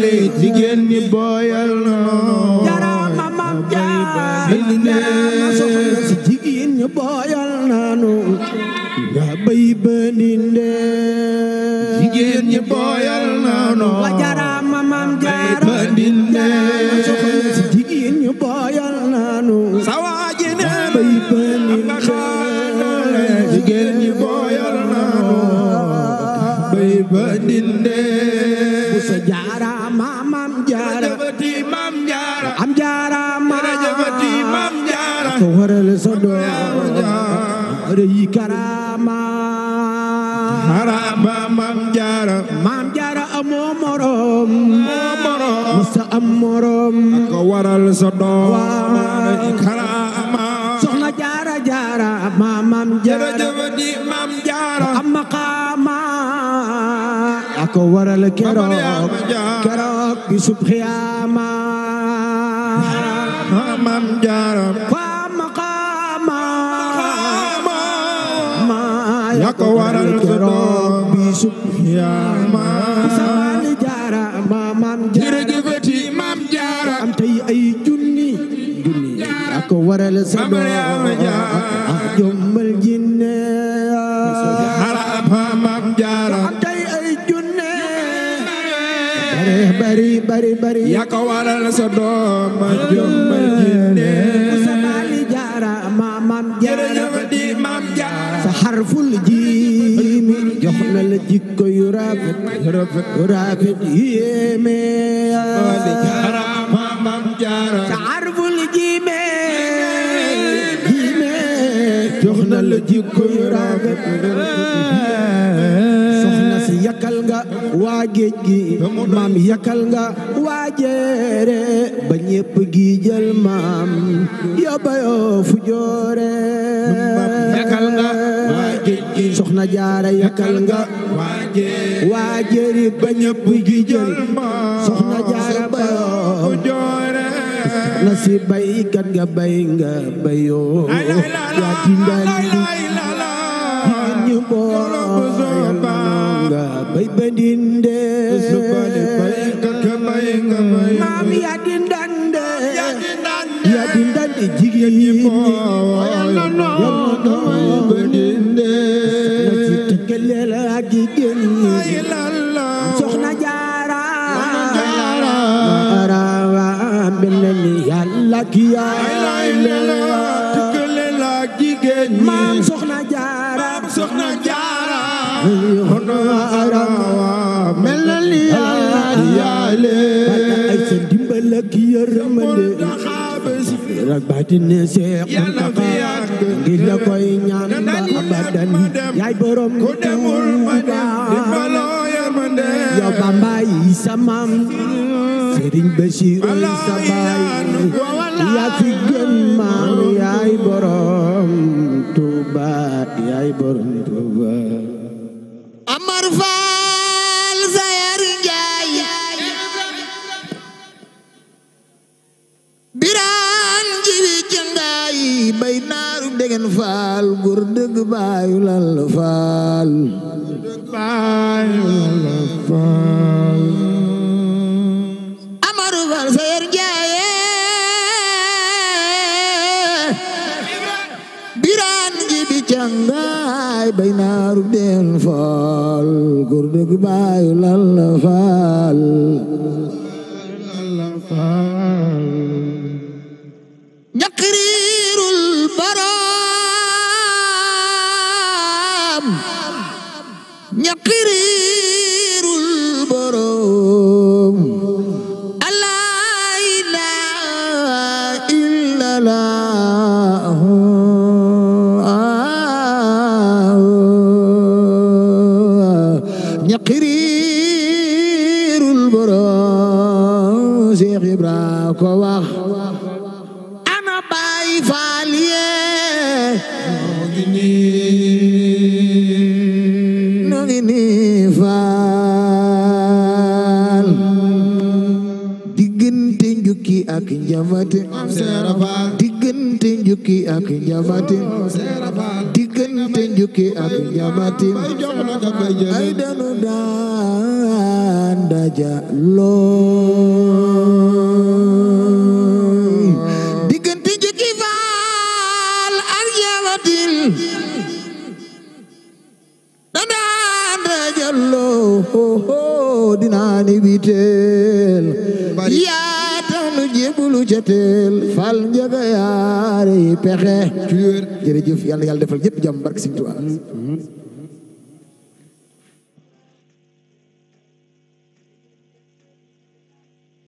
li jigéen ñi booyal noo nga bay baninde jigéen ñi bay ba dindee busa jaara maam jaara jabati maam jaara am jaara maam jabati maam jaara ko waral sa door yi karama haraba maam jaara maam jaara amoo morom musa am morom ko waral sa door karama soxna jaara jaara maam jaara jabati maam waral keroog keroog bi sub xiyaama mam jaaram fa maqaama maa ya ko waral keroog bi sub xiyaama samal jaarama mam jërëjëfati mam jaara am tey ay junni junni ya ko waral sa doom ak jommal jin bari bari bari yaa ko waral sa doom ma jombal jinne musa mali jaara ma maam jaara di maam jaara sa xarful jiimi jox na la jikko yu rafet yu rafet yéeme jaara ma maam jaara sa xarful jiime jiime jox na la jikko yu rafet yakkal nga waa géej gi maam yakkal nga waa jeere ba ñépp gi jël maam yóbbayoo fu joore yakkal nga waa géej gi soxna jaara yakkal nga waa jeeri ba ñépp gi jël soxna jaara bayoo fu joore na nga bay nga bayoo yaa tindaani dinde maam ya dindande ya dindande jigéen yi soxna jaara jaara mbelani yàlla ki yàlla maam soxna jaara rak batin Seex Muntaxa ngir la koy ñaan ba borom ku demul borom Tuuba ngi bay faal góor dëgg baayu lal faal amaru faal sayer jaaye biraan bi cangaay bay naaru faal góor dëgg baayu lal faal diggante njukki ak njabaatin diggante daja looy diggante njukki faal ak njabaatin daan daja looy dinaa ni du ca teel fal njëga yaare yi pexe jërëjëf yàlla yàlla defal yëpp jàmm barke Sëriñ Tuubaa